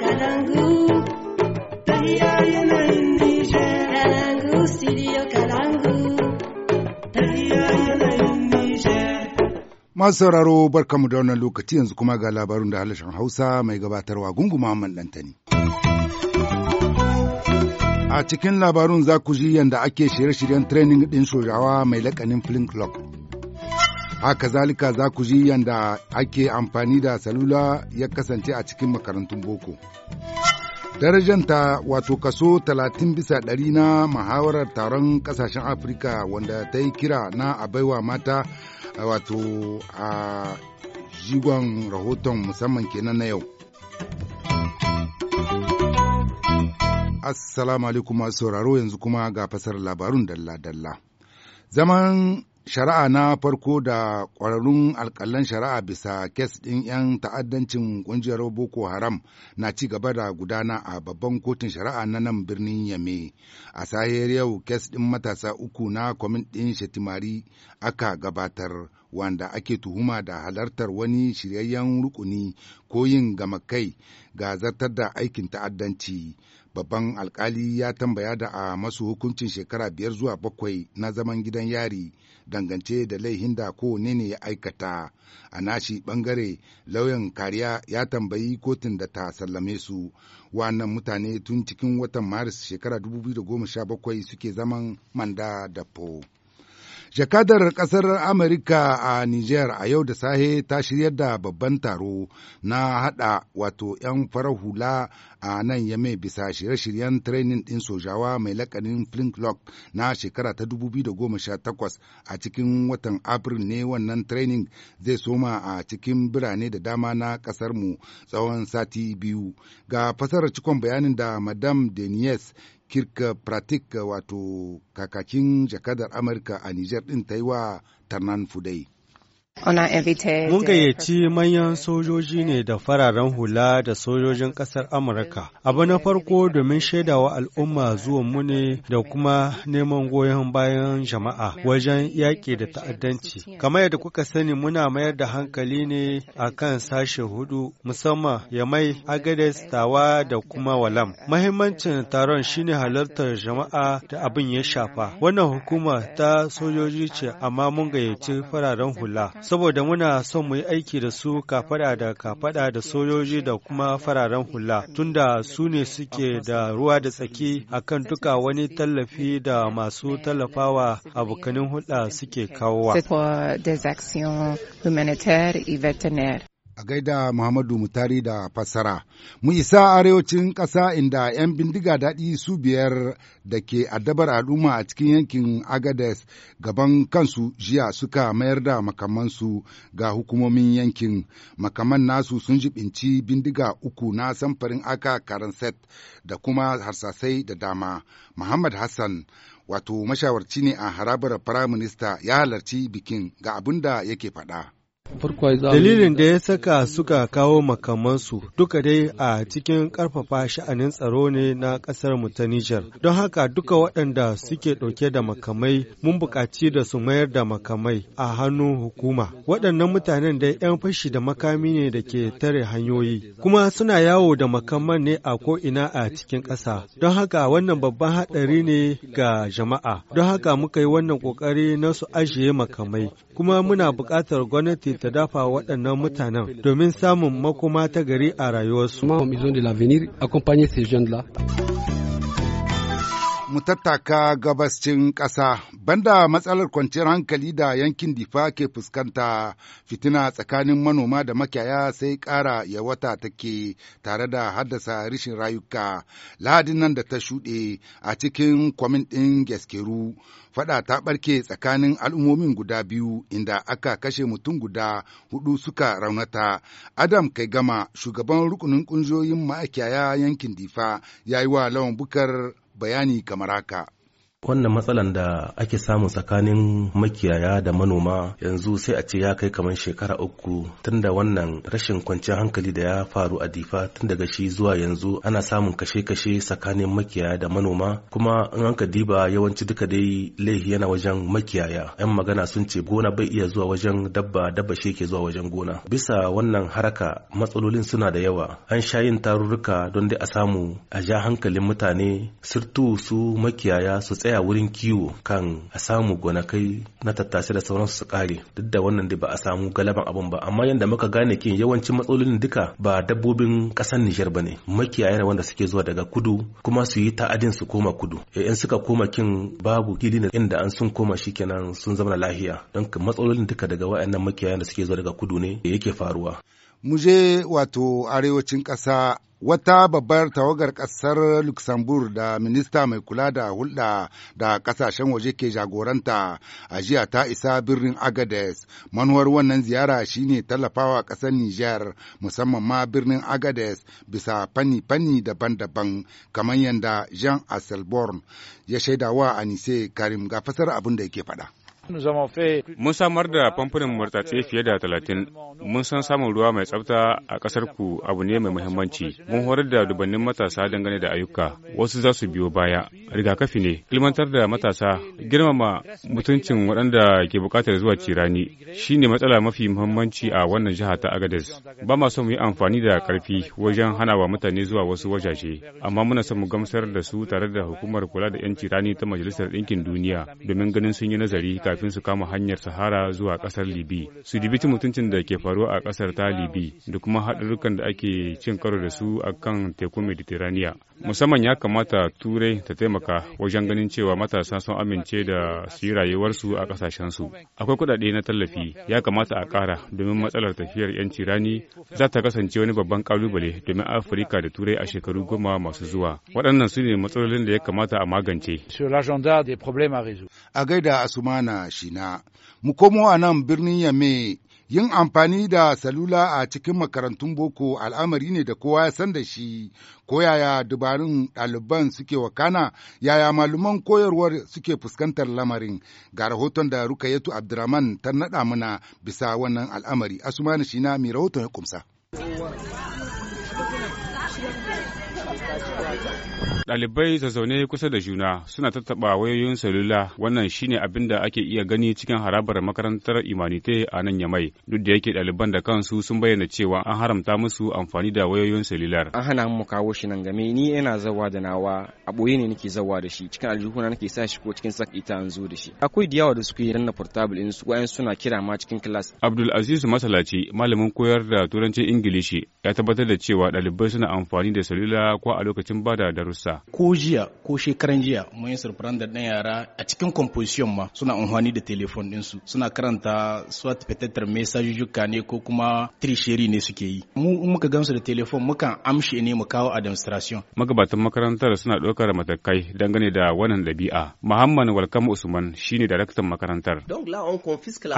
Kalangu, yanayin yanayin Masu sauraro barkamu da wannan lokaci yanzu kuma ga labarun da halashin Hausa mai gabatarwa Gungu Muhammad Dantani. A cikin labarun za ku ji yadda ake shirye-shiryen training ɗin sojawa mai lakanin Lock a kazalika za ku ji yadda ake amfani da salula ya kasance a cikin makarantun boko darajanta wato kaso 30 bisa ɗari na muhawarar taron ƙasashen afirka wanda ta yi kira na a baiwa mata wato a jigon rahoton musamman kenan na yau assalamu alaikum masu sauraro yanzu kuma ga fasar labarun dalla-dalla zaman shari'a na farko da ƙwararrun alƙalan shari'a bisa kes ɗin 'yan ta'addancin ƙungiyar boko haram na ci gaba da gudana a babban kotun shari'a na nan birnin yame a sahiyar yau kes ɗin matasa uku na kwamin ɗin shetimari aka gabatar wanda ake tuhuma da halartar wani shiryayyen rukuni ko yin gama kai ga zartar da aikin ta'addanci babban alkali ya tambaya da a masu hukuncin shekara biyar zuwa bakwai na zaman gidan yari dangance da laihin da kowane ne ya aikata a nashi bangare lauyan kariya ya tambayi kotun da ta sallame su wannan mutane tun cikin watan maris shekara 2017 suke zaman manda da po. Jakadar ƙasar Amurka a Nijar a yau da sahe ta shiryar da babban taro na haɗa wato 'yan farar hula a nan yame bisa shirye-shiryen training ɗin sojawa mai lakanin lock na shekara ta 2018 a cikin watan April ne wannan training zai soma a cikin birane da dama na ƙasarmu tsawon sati biyu. Ga fasarar cikon bayanin da Madam Denies kirka pratik wato kakakin jakadar amurka a nijar ɗin ta yi wa tarnan fudai Mun gayyaci manyan sojoji ne da fararen hula da sojojin ƙasar Amurka. Abu na farko domin shaidawa al'umma zuwan muni da kuma neman goyon bayan jama'a wajen yaƙi da ta'addanci. Kamar yadda kuka sani muna mayar da hankali ne a kan sashe hudu musamman ya mai Agades, Tawa da kuma Walam. Mahimmancin taron shine halartar jama'a da abin ya shafa. Wannan hukuma ta sojoji ce amma mun gayyaci fararen hula. saboda muna son mu yi aiki da su kafada da kafada da sojoji da kuma fararen hula tunda su ne suke da ruwa da tsaki akan duka wani tallafi da masu tallafawa abokanin hulɗa suke kawowa. a gaida Muhammadu Mutari da fassara. Mu isa arewacin ƙasa inda 'yan bindiga daɗi su biyar da ke addabar al'umma a cikin yankin Agades gaban kansu jiya suka mayar da makamansu ga hukumomin yankin. Makaman nasu sun jibinci bindiga uku na samfarin aka karanset da kuma harsasai da dama. Muhammad Hassan wato mashawarci ne a harabar Firaminista ya halarci bikin ga abin da yake faɗa. Dalilin da ya saka suka kawo makamansu duka dai a cikin ƙarfafa sha'anin tsaro ne na ƙasar mu ta Nijar. Don haka duka waɗanda suke ɗauke da makamai mun buƙaci da su mayar da makamai a hannun hukuma. Waɗannan mutanen da 'yan fashi da makami ne da ke tare hanyoyi, kuma suna yawo da makaman ne a ko'ina a cikin ƙasa. Don haka wannan babban haɗari ne ga jama'a. Don haka muka yi wannan ƙoƙari na su ajiye makamai, kuma muna buƙatar gwamnati ta dafa waɗannan mutanen domin samun makoma ta gari a rayuwarsu. mu tattaka gabascin ƙasa banda matsalar kwanciyar hankali da yankin difa ke fuskanta fitina tsakanin manoma da makiyaya sai ƙara yawata take tare da haddasa rishin rayuka lahadin nan da ta shuɗe a cikin kwamin ɗin gaskeru faɗa ta ɓarke tsakanin al'ummomin guda biyu inda aka kashe mutum guda hudu suka raunata adam kai gama shugaban rukunin ƙungiyoyin ma'akiyaya yankin difa ya yi wa lawan bukar bayani kamar haka. wannan matsalan da ake samu tsakanin makiyaya da manoma yanzu sai a ce ya kai kamar shekara uku tun da wannan rashin kwanciyar hankali da ya faru a difa tun daga shi zuwa yanzu ana samun kashe-kashe tsakanin makiyaya da manoma kuma in an ka diba yawanci duka dai laihi yana wajen makiyaya yan magana sun ce gona bai iya zuwa wajen dabba dabba shi ke zuwa wajen gona bisa wannan haraka matsalolin suna da yawa an sha yin tarurruka don dai a samu a ja hankalin mutane sirtu su makiyaya su tsaya tsaya wurin kiwo kan a samu gonakai na tattasai da sauran su kare duk da wannan da ba a samu galaban abun ba amma yadda muka gane kin yawancin matsalolin duka ba dabbobin kasar Nijar bane makiyaya wanda suke zuwa daga kudu kuma su yi ta'adin su koma kudu e, in suka koma kin babu gili na inda an sun koma shikenan sun zama lafiya don matsalolin duka daga wayannan makiyayan da suke zuwa daga kudu ne yake faruwa muje wato arewacin ƙasa wata babbar tawagar ƙasar luxembourg da minista mai kula da hulɗa da ƙasashen waje ke jagoranta a jiya ta isa birnin agades manuwar wannan ziyara shine tallafawa ƙasar niger musamman ma birnin agades bisa fanni-fanni daban-daban kamar yadda jean asselborn ya shaidawa a anise karim ga fasar abin da yake faɗa. Mun samar da famfunan murtatse fiye da talatin. Mun san samun ruwa mai tsafta a ƙasar ku abu ne mai muhimmanci. Mun horar da dubannin matasa dangane da ayyuka. Wasu za su biyo baya. Rigakafi ne. Ilmantar da matasa. Girmama mutuncin waɗanda ke buƙatar zuwa cirani. Shi ne matsala mafi muhimmanci a wannan jiha ta Agadez. Ba ma son mu yi amfani da ƙarfi wajen hana wa mutane zuwa wasu wajaje. Amma muna son mu gamsar da su tare da hukumar kula da yan cirani ta Majalisar Ɗinkin Duniya domin ganin sun yi nazari kafin su kama hanyar Sahara zuwa ƙasar Libi. Su dibiti mutuncin da ke faruwa a ƙasar ta Libi da kuma haɗarurrukan da ake cin karo da su a kan tekun Mediterania. Musamman ya kamata Turai ta taimaka wajen ganin cewa matasa sun amince da su yi rayuwarsu a ƙasashensu. Akwai kuɗaɗe na tallafi ya kamata a ƙara domin matsalar tafiyar 'yanci rani za ta kasance wani babban ƙalubale domin Afirka da Turai a shekaru goma masu zuwa. Waɗannan su ne matsalolin da ya kamata a magance. A gaida Asumana Shina. Mu komo a nan birnin Yame yin amfani da salula a cikin makarantun boko al'amari ne da kowa ya san da shi ko yaya dubarun ɗaliban suke wakana yaya malaman koyarwar suke fuskantar lamarin ga rahoton da rukayatu abdurrahman ta naɗa mana bisa wannan al'amari asumani shina mai rahoton ya kumsa Ɗalibai zazzaune kusa da juna suna tattaɓa wayoyin salula wannan shine abin da ake iya gani cikin harabar makarantar Imanite a nan Yamai duk da yake ɗaliban da kansu sun bayyana cewa an haramta musu amfani da wayoyin salular. An hana mu kawo shi nan game ni yana zawa da nawa a ɓoye ne nake zawa da shi cikin aljihuna nake sa shi ko cikin sak ita an zo da shi. Akwai da da suke danna portable in su wayan suna kira ma cikin class. Abdul Aziz Masalaci malamin koyar da turancin Ingilishi ya tabbatar da cewa ɗalibai suna amfani da salula ko a lokacin bada darussa. darussa. Ko jiya ko shekaran jiya mun yi da ɗan yara a cikin composition ma suna amfani da telefon ɗinsu suna karanta swat fitatar mesajujjuka ne ko kuma trisheri ne suke yi. Mu in muka gamsu da telefon mukan amshe ne mu kawo a Magabatan makarantar suna ɗaukar matakai dangane da wannan ɗabi'a. Muhammad walkam Usman shine daraktan makarantar.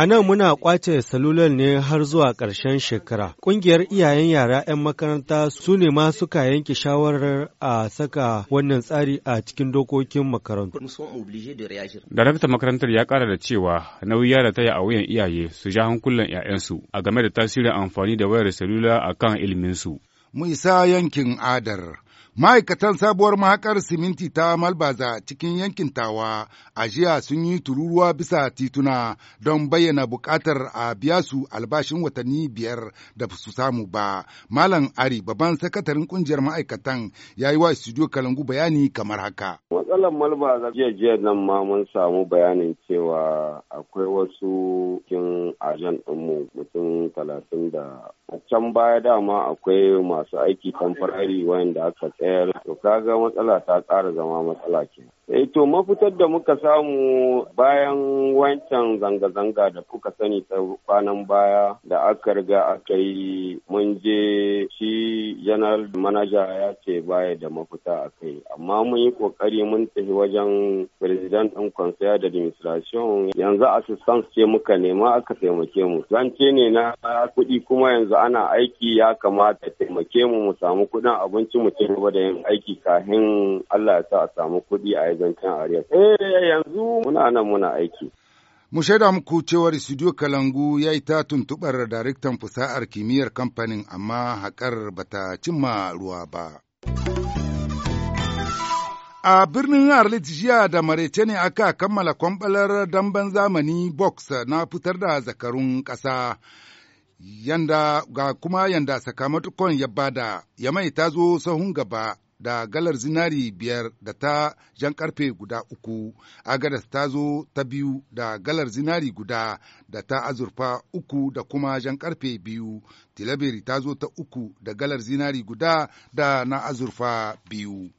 A nan muna kwace salular ne har zuwa ƙarshen shekara. Ƙungiyar iyayen yara 'yan makaranta su ne ma suka yanke shawarar a saka wannan tsari a cikin dokokin makarantu. Daraktan makarantar ya kara da cewa nauyi ya rataya a wuyan iyaye su ja hankulan 'ya'yansu a game da tasirin amfani da wayar salula a kan iliminsu. Mu isa yankin adar Ma'aikatan sabuwar mahakar siminti ta Malbaza cikin yankin Tawa a jiya sun yi tururuwa bisa tituna don bayyana buƙatar a biya su albashin watanni biyar da su samu ba. Malam Ari babban sakataren ƙungiyar ma'aikatan ya yi wa studio Kalangu bayani kamar haka. Matsalar Malbaza jiya jiya nan ma mun samu bayanin cewa akwai wasu kin ajan ɗinmu mutum talatin da a can baya dama akwai masu aiki tamfarari wayanda aka tsayar to kaga matsala ta ƙara zama matsala ke E to mafitar da muka samu bayan wancan zanga-zanga da kuka sani ta kwanan baya da aka riga aka yi mun je shi general manager ya ce baya da mafita a kai amma mun yi kokari mun tafi wajen president ɗin da administration yanzu assistance ce muka nema aka taimake mu zance ne na kuɗi kuma yanzu ana aiki ya kamata taimake mu mu samu kuɗin abinci mu ci gaba da yin aiki kafin Allah ya sa a samu kuɗi a zancen eh yanzu muna nan muna aiki Mu shaida muku cewar Studio Kalangu ya yi ta tuntuɓar daraktan fasahar kimiyyar kamfanin amma haƙar bata cimma ruwa ba. A birnin Arlit jiya da marece ne aka kammala kwamɓalar damben zamani box na fitar da zakarun ƙasa. Yanda ga kuma yanda sakamakon ya bada, ya ta zo sahun gaba da galar zinari biyar da ta jan karfe guda uku, agadas ta zo ta biyu da galar zinari guda da ta azurfa uku da kuma jan karfe biyu, tilaberi ta zo ta uku da galar zinari guda da na azurfa biyu.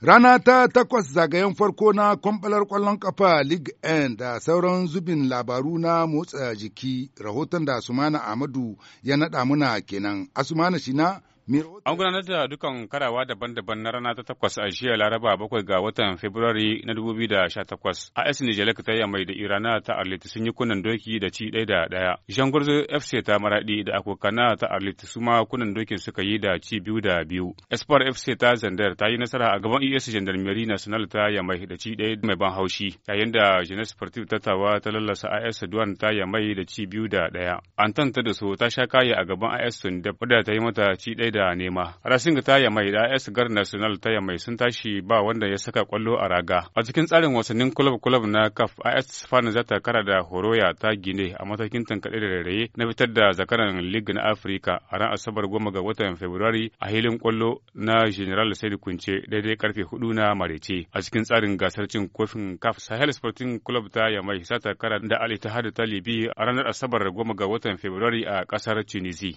Rana ta takwas zagayen farko na kwamɓalar kwallon ƙafa League N da sauran zubin labaru na motsa jiki rahoton da Asumana Amadu ya naɗa muna kenan. Asumana Shina An gudanar da dukan karawa daban-daban na rana ta takwas a jiya Laraba bakwai ga watan Fabrairu na 2018. AS Nijalek ta yamai da Irana ta Arlit sun yi kunan doki da ci ɗaya da ɗaya. Jean Gurzo FC ta Maraɗi da Akokana ta Arlit su ma kunan dokin suka yi da ci biyu da biyu. Espoir FC ta Zandar ta yi nasara a gaban ES Gendarmerie National ta yamai da ci ɗaya mai ban haushi. Yayin da Jeunesse Sportive ta tawa ta lallasa AS Duan ta yamai da ci biyu da ɗaya. Antan ta da so ta sha kaya a gaban AS Sundep da ta yi mata ci ɗaya da nema. Racing ta yamai da AS Gar National ta yamai sun tashi ba wanda ya saka kwallo a raga. A cikin tsarin wasannin kulab-kulab na CAF, AS Fana za ta kara da Horoya ta Gine a matakin tankaɗe da rairaye na fitar da zakaran League na Afirka a ran Asabar goma ga watan Fabrairu a hilin kwallo na General Said Kunce daidai karfe hudu na Marece. A cikin tsarin gasar cin kofin CAF, Sahel Sporting Club ta yamai za ta kara da Ali Tahadu ta Libi a ranar Asabar goma ga watan Fabrairu a kasar Tunisia.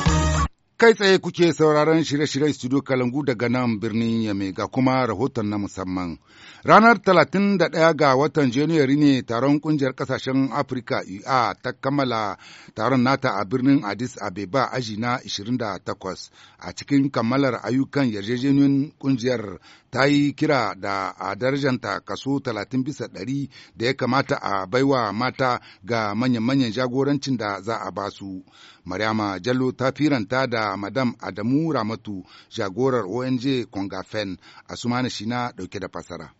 Kai tsaye kuke sauraron shirye-shiryen studio Kalangu daga nan birnin Yame ga kuma rahoton na musamman. Ranar 31 ga watan Janairu ne taron kungiyar kasashen Afirka UA ta kammala taron nata a birnin Addis Abeba aji na 28 a cikin kammalar ayyukan yarjejeniyar kungiyar ta yi kira da a darajanta kaso 30 bisa 100 da ya kamata a baiwa mata ga manyan-manyan jagorancin da za a basu. Maryama Jallo ta firanta da Madam Adamu Ramatu jagorar ONG Kongafen a Sumana na ɗauke da fasara.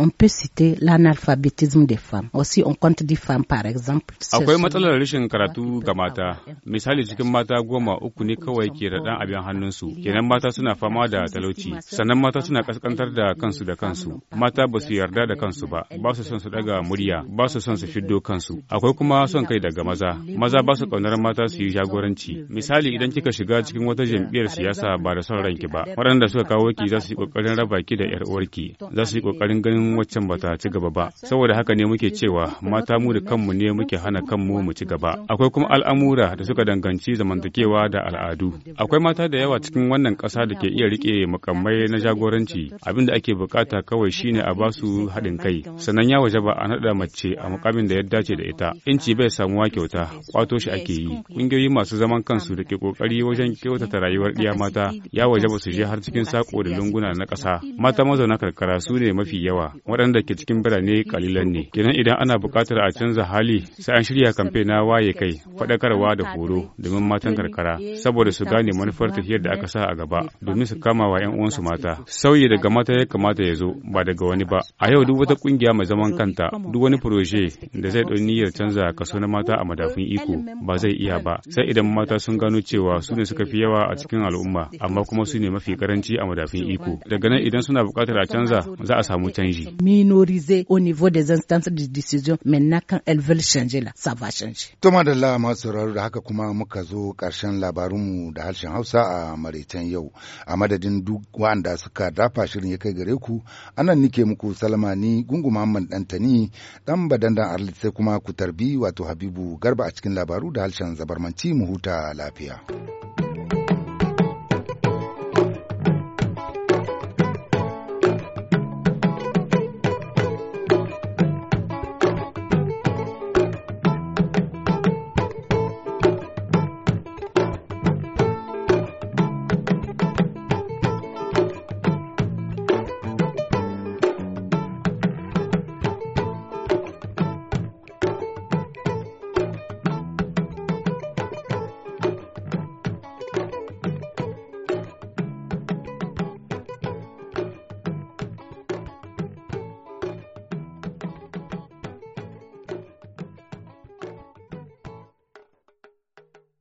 On peut citer l'analphabétisme des femmes. Aussi, on compte des femmes, par exemple. Akwai matsalar rashin karatu ga mata. Misali cikin mata goma uku ne kawai ke da abin su Kenan mata suna fama da talauci. Sannan mata suna kaskantar da kansu da kansu. Mata ba su yarda da kansu ba. Ba su son su daga murya. Ba su son su fiddo kansu. Akwai kuma son kai daga maza. Maza ba su kaunar mata su yi jagoranci. Misali idan kika shiga cikin wata jam'iyyar siyasa ba da son ranki ba. Waɗanda suka kawo ki za su yi ƙoƙarin raba ki da 'yar uwarki. Za su yi ƙoƙarin ganin idan waccan ba ta ci gaba ba saboda haka ne muke cewa mata mu da kanmu ne muke hana kanmu mu ci gaba akwai kuma al'amura da suka danganci zamantakewa da al'adu akwai mata da yawa cikin wannan ƙasa da ke iya riƙe makamai na jagoranci abin da ake bukata kawai shine a basu haɗin kai sannan ya waje ba a naɗa mace a mukamin da ya dace da ita inci bai samuwa kyauta kwato shi ake yi ƙungiyoyi masu zaman kansu da ke ƙoƙari wajen kyautata rayuwar ɗiya mata ya waje ba su je har cikin sako da lunguna na ƙasa mata mazauna karkara su ne mafi yawa waɗanda ke cikin birane kalilan ne kenan idan ana buƙatar a canza hali sai an shirya kamfe na waye kai faɗakarwa da horo domin matan karkara saboda su gane manufar tafiyar da aka sa a gaba domin su kama wa 'yan uwansu mata sauyi daga mata ya kamata ya zo ba daga wani ba a yau duk wata ƙungiya mai zaman kanta duk wani proje da zai ɗauki niyyar canza kaso na mata a madafin iko ba zai iya ba sai idan mata sun gano cewa su ne suka fi yawa a cikin al'umma amma kuma su ne mafi karanci a madafin iko daga nan idan suna buƙatar a canza za a samu canji minorisées au niveau des instances de décision maintenant quand elles veulent changer là ça va changer to madalla masu sauraro da haka kuma muka zo karshen mu da harshen Hausa a maraicen yau a madadin duk wanda suka dafa shirin ya kai gare ku anan nike muku salmani gungu Muhammad Dantani dan badandan Arlit sai kuma ku tarbi wato Habibu Garba a cikin labaru da harshen zabarmanci mu huta lafiya.